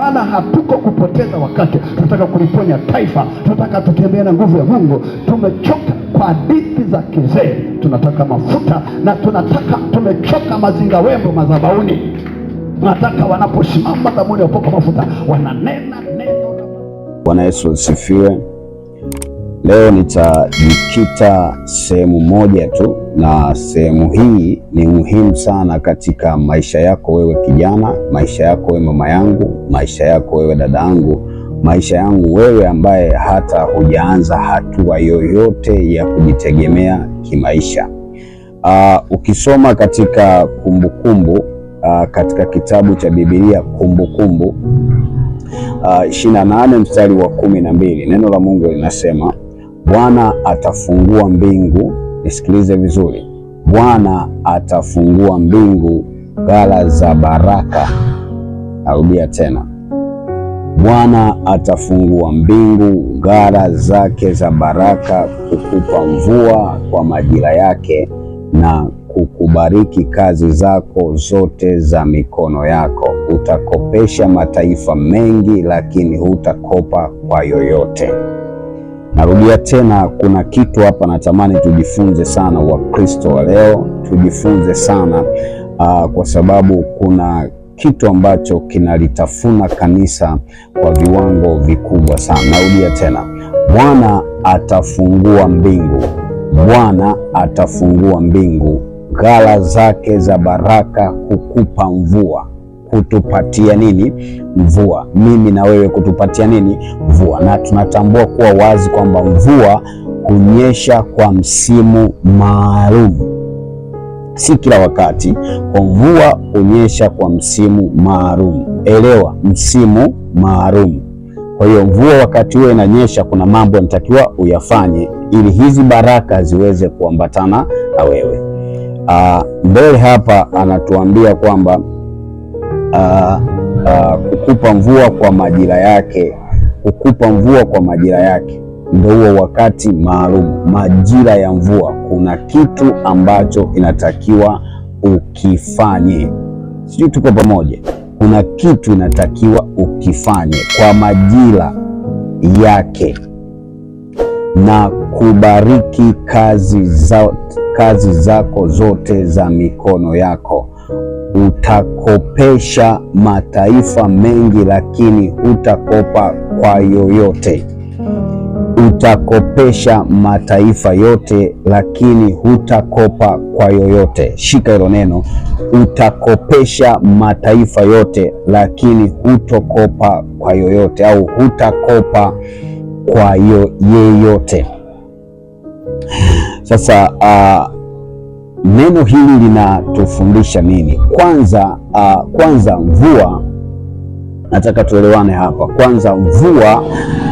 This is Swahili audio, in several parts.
maana hatuko kupoteza wakati, tunataka kuliponya taifa, tunataka tutembee na nguvu ya Mungu. Tumechoka kwa hadithi za kizee, tunataka mafuta na tunataka, tumechoka mazinga wembo madhabahuni, tunataka wanaposimama madhabahuni wapoka mafuta wananena neno. Bwana Yesu asifiwe. Leo nitajikita sehemu moja tu, na sehemu hii ni muhimu sana katika maisha yako wewe kijana, maisha yako wewe mama yangu, maisha yako wewe dada yangu, maisha yangu wewe ambaye hata hujaanza hatua yoyote ya kujitegemea kimaisha. Uh, ukisoma katika kumbukumbu kumbu, uh, ah, katika kitabu cha Biblia Kumbukumbu uh, ah, 28 mstari wa kumi na mbili neno la Mungu linasema Bwana atafungua mbingu, nisikilize vizuri. Bwana atafungua mbingu, ghala za baraka. Narudia tena, Bwana atafungua mbingu, ghala zake za baraka, kukupa mvua kwa majira yake na kukubariki kazi zako zote za mikono yako. Utakopesha mataifa mengi, lakini hutakopa kwa yoyote. Narudia tena, kuna kitu hapa natamani tujifunze sana, Wakristo wa leo tujifunze sana uh, kwa sababu kuna kitu ambacho kinalitafuna kanisa kwa viwango vikubwa sana. Narudia tena, Bwana atafungua mbingu, Bwana atafungua mbingu, ghala zake za baraka hukupa mvua kutupatia nini? Mvua. Mimi na wewe kutupatia nini? Mvua. Na tunatambua kuwa wazi kwamba mvua hunyesha kwa msimu maalum, si kila wakati. Kwa mvua hunyesha kwa msimu maalum, elewa, msimu maalum. Kwa hiyo mvua wakati huo inanyesha, kuna mambo yanatakiwa uyafanye ili hizi baraka ziweze kuambatana na wewe. Ah, mbele hapa anatuambia kwamba kukupa mvua kwa majira yake, kukupa mvua kwa majira yake ndio huo wakati maalum, majira ya mvua. Kuna kitu ambacho inatakiwa ukifanye, sijui tuko pamoja? Kuna kitu inatakiwa ukifanye kwa majira yake na kubariki kazi, za, kazi zako zote za mikono yako utakopesha mataifa mengi, lakini hutakopa kwa yoyote. Utakopesha mataifa yote, lakini hutakopa kwa yoyote. Shika hilo neno, utakopesha mataifa yote, lakini hutokopa kwa yoyote, au hutakopa kwa yoyote. Sasa uh, neno hili linatufundisha nini? Kwanza uh, kwanza mvua, nataka tuelewane hapa. Kwanza mvua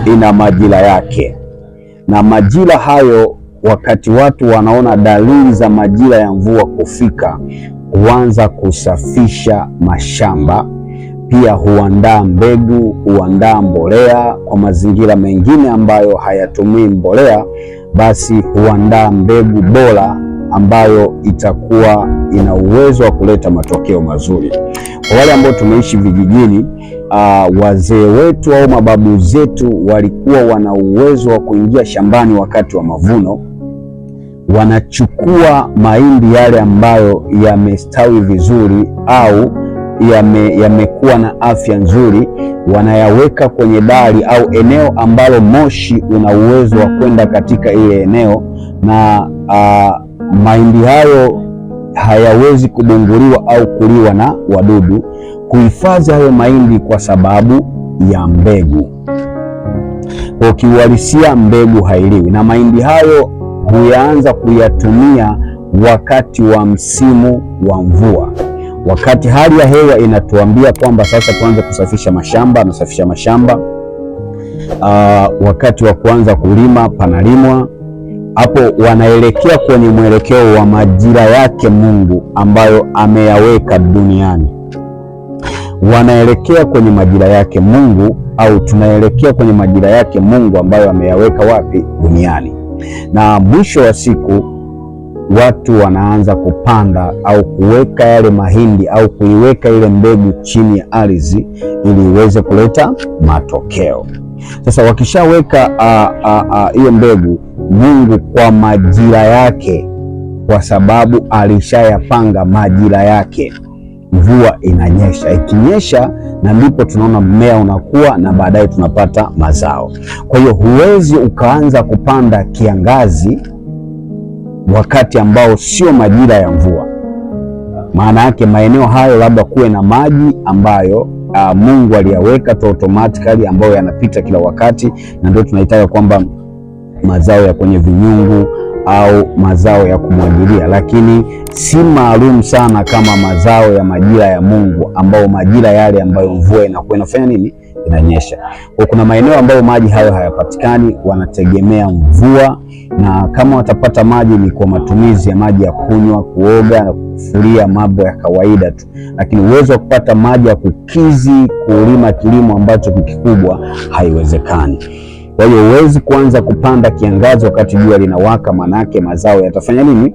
ina majira yake, na majira hayo, wakati watu wanaona dalili za majira ya mvua kufika, huanza kusafisha mashamba pia huandaa mbegu, huandaa mbolea. Kwa mazingira mengine ambayo hayatumii mbolea, basi huandaa mbegu bora ambayo itakuwa ina uwezo wa kuleta matokeo mazuri. Kwa wale ambao tumeishi vijijini, uh, wazee wetu au mababu zetu walikuwa wana uwezo wa kuingia shambani wakati wa mavuno, wanachukua mahindi yale ambayo yamestawi vizuri au yamekuwa na afya nzuri, wanayaweka kwenye dari au eneo ambalo moshi una uwezo wa kwenda katika ile eneo na uh, mahindi hayo hayawezi kudunguliwa au kuliwa na wadudu. Kuhifadhi hayo mahindi kwa sababu ya mbegu, kwa kiuhalisia mbegu hailiwi, na mahindi hayo huyaanza kuyatumia wakati wa msimu wa mvua, wakati hali ya hewa inatuambia kwamba sasa tuanze kusafisha mashamba, anasafisha mashamba. Uh, wakati wa kuanza kulima panalimwa hapo wanaelekea kwenye mwelekeo wa majira yake Mungu ambayo ameyaweka duniani. Wanaelekea kwenye majira yake Mungu au tunaelekea kwenye majira yake Mungu ambayo ameyaweka wapi? Duniani. Na mwisho wa siku watu wanaanza kupanda au kuweka yale mahindi au kuiweka ile mbegu chini ya ardhi ili iweze kuleta matokeo. Sasa wakishaweka hiyo mbegu, Mungu kwa majira yake, kwa sababu alishayapanga majira yake, mvua inanyesha. Ikinyesha na ndipo tunaona mmea unakuwa na baadaye tunapata mazao. Kwa hiyo huwezi ukaanza kupanda kiangazi wakati ambao sio majira ya mvua. Maana yake maeneo hayo labda kuwe na maji ambayo uh, Mungu aliyaweka tu automatically ambayo yanapita kila wakati, na ndio tunahitaji kwamba mazao ya kwenye vinyungu au mazao ya kumwagilia, lakini si maalum sana kama mazao ya majira ya Mungu, ambao majira yale ambayo mvua inakuwa inafanya nini inanyesha. Kwa kuna maeneo ambayo maji hayo hayapatikani, wanategemea mvua, na kama watapata maji ni kwa matumizi ya maji ya kunywa, kuoga na kufuria, mambo ya kawaida tu, lakini uwezo wa kupata maji ya kukizi kulima kilimo ambacho kikubwa haiwezekani. Kwa hiyo huwezi kuanza kupanda kiangazi wakati jua linawaka, manake mazao yatafanya nini?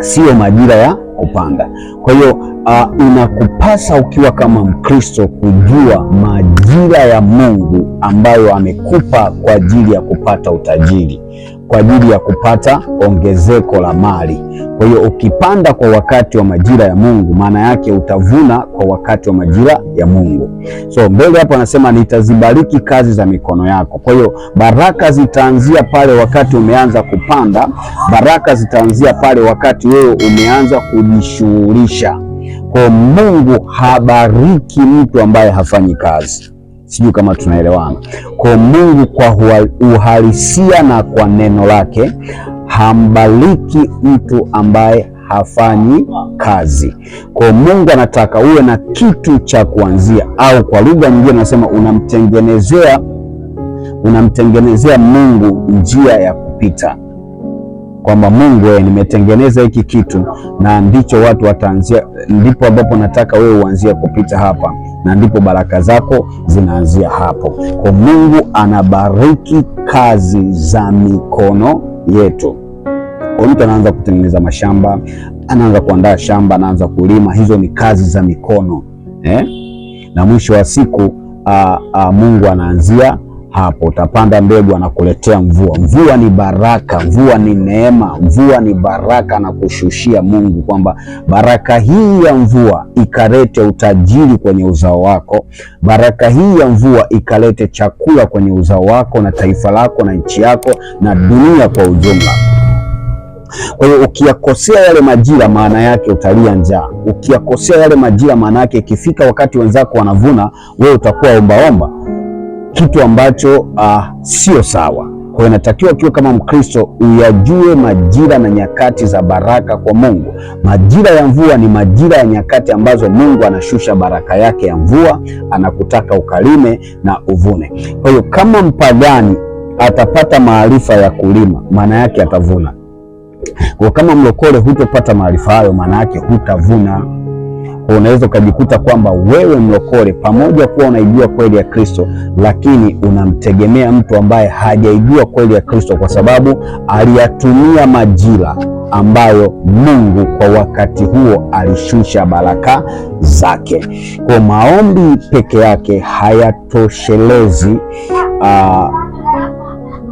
Siyo majira ya kupanda. Kwa hiyo uh, inakupasa ukiwa kama Mkristo kujua majira ya Mungu ambayo amekupa kwa ajili ya kupata utajiri kwa ajili ya kupata ongezeko la mali. Kwa hiyo ukipanda kwa wakati wa majira ya Mungu, maana yake utavuna kwa wakati wa majira ya Mungu. So mbele hapo anasema nitazibariki kazi za mikono yako. Kwa hiyo baraka zitaanzia pale wakati umeanza kupanda, baraka zitaanzia pale wakati wewe umeanza kujishughulisha. Kwa Mungu habariki mtu ambaye hafanyi kazi. Sijui kama tunaelewana. Kwa Mungu kwa uhalisia na kwa neno lake hambariki mtu ambaye hafanyi kazi. Kwa Mungu anataka uwe na kitu cha kuanzia, au kwa lugha nyingine anasema unamtengenezea, unamtengenezea Mungu njia ya kupita, kwamba Mungu wewe, nimetengeneza hiki kitu na ndicho watu wataanzia, ndipo ambapo nataka wewe uanzie kupita hapa na ndipo baraka zako zinaanzia hapo. Kwa Mungu anabariki kazi za mikono yetu. Kwa mtu anaanza kutengeneza mashamba, anaanza kuandaa shamba, anaanza kulima, hizo ni kazi za mikono eh? na mwisho wa siku a, ah, a, ah, Mungu anaanzia hapo utapanda mbegu, anakuletea mvua. Mvua ni baraka, mvua ni neema, mvua ni baraka na kushushia Mungu kwamba baraka hii ya mvua ikalete utajiri kwenye uzao wako, baraka hii ya mvua ikalete chakula kwenye uzao wako na taifa lako na nchi yako na mm. dunia kwa ujumla. Kwa hiyo ukiyakosea yale majira, maana yake utalia njaa. Ukiyakosea yale majira, maana yake ikifika wakati wenzako wanavuna, wewe utakuwa ombaomba omba kitu ambacho uh, sio sawa. Kwa hiyo inatakiwa ukiwa kama Mkristo uyajue majira na nyakati za baraka kwa Mungu. Majira ya mvua ni majira ya nyakati ambazo Mungu anashusha baraka yake ya mvua, anakutaka ukalime na uvune. Kwa hiyo kama mpagani atapata maarifa ya kulima, maana yake atavuna. Kwa kama mlokole hutopata maarifa hayo, maana yake hutavuna unaweza ukajikuta kwamba wewe mlokole, pamoja kuwa unaijua kweli ya Kristo, lakini unamtegemea mtu ambaye hajaijua kweli ya Kristo, kwa sababu aliyatumia majira ambayo Mungu kwa wakati huo alishusha baraka zake. Kwa maombi peke yake hayatoshelezi uh,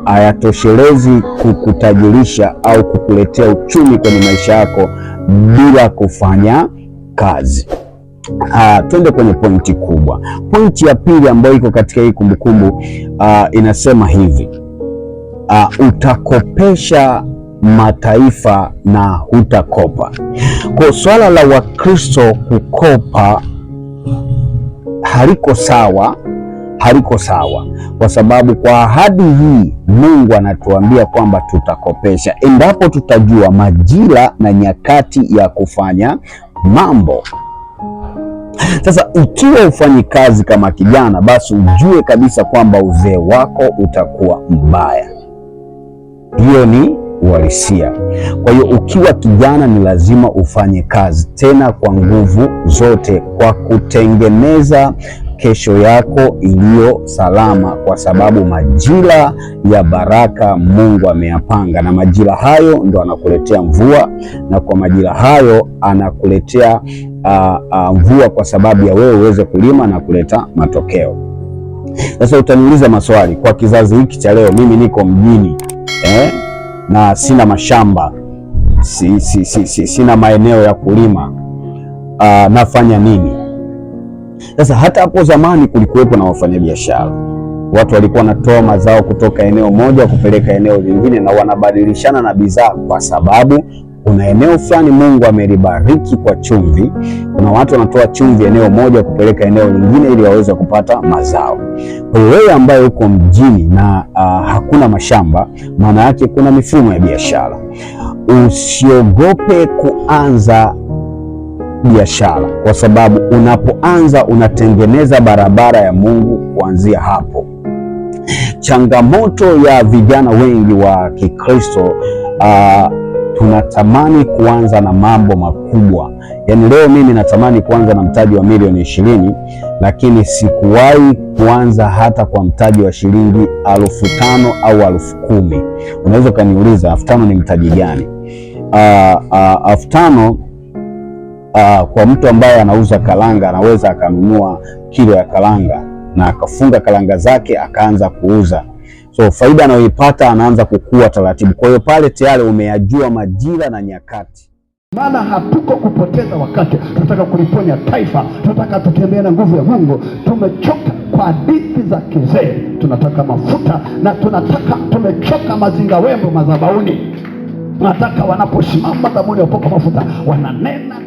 hayatoshelezi kukutajirisha au kukuletea uchumi kwenye maisha yako bila kufanya kazi. Uh, twende kwenye pointi kubwa. Pointi ya pili ambayo iko katika hii kumbukumbu uh, inasema hivi uh, utakopesha mataifa na hutakopa. Kwa swala la Wakristo kukopa haliko sawa, haliko sawa kwa sababu kwa ahadi hii Mungu anatuambia kwamba tutakopesha endapo tutajua majira na nyakati ya kufanya mambo. Sasa ikiwa ufanyi kazi kama kijana, basi ujue kabisa kwamba uzee wako utakuwa mbaya. Hiyo ni uhalisia. Kwa hiyo ukiwa kijana, ni lazima ufanye kazi, tena kwa nguvu zote, kwa kutengeneza kesho yako iliyo salama, kwa sababu majira ya baraka Mungu ameyapanga, na majira hayo ndo anakuletea mvua, na kwa majira hayo anakuletea uh, uh, mvua kwa sababu ya wewe uweze kulima na kuleta matokeo. Sasa utaniuliza maswali, kwa kizazi hiki cha leo, mimi niko mjini eh, na sina mashamba si, si, si, si, sina maeneo ya kulima uh, nafanya nini? Sasa hata hapo zamani kulikuwepo na wafanyabiashara, watu walikuwa wanatoa mazao kutoka eneo moja kupeleka eneo lingine, na wanabadilishana na bidhaa kwa sababu kuna eneo fulani Mungu amelibariki kwa chumvi. Kuna watu wanatoa chumvi eneo moja kupeleka eneo lingine ili waweze kupata mazao. Kwa hiyo wewe ambaye uko mjini na uh, hakuna mashamba, maana yake kuna mifumo ya biashara. Usiogope kuanza biashara, kwa sababu unapoanza unatengeneza barabara ya Mungu kuanzia hapo. Changamoto ya vijana wengi wa Kikristo uh, tunatamani kuanza na mambo makubwa. Yaani leo mimi natamani kuanza na mtaji wa milioni ishirini, lakini sikuwahi kuanza hata kwa mtaji wa shilingi alfu tano au elfu kumi. Unaweza ukaniuliza elfu tano ni mtaji gani? Uh, uh, uh, tano uh, kwa mtu ambaye anauza karanga anaweza akanunua kilo ya karanga na akafunga karanga zake akaanza kuuza. So faida anayoipata anaanza kukua taratibu. Kwa hiyo pale tayari umeyajua majira na nyakati, maana hatuko kupoteza wakati, tunataka kuliponya taifa, tunataka tutembee na nguvu ya Mungu. Tumechoka kwa hadithi za kizee, tunataka mafuta na tunataka, tumechoka mazinga wembo madhabahuni, tunataka wanaposimama madhabahuni wapoka mafuta wananena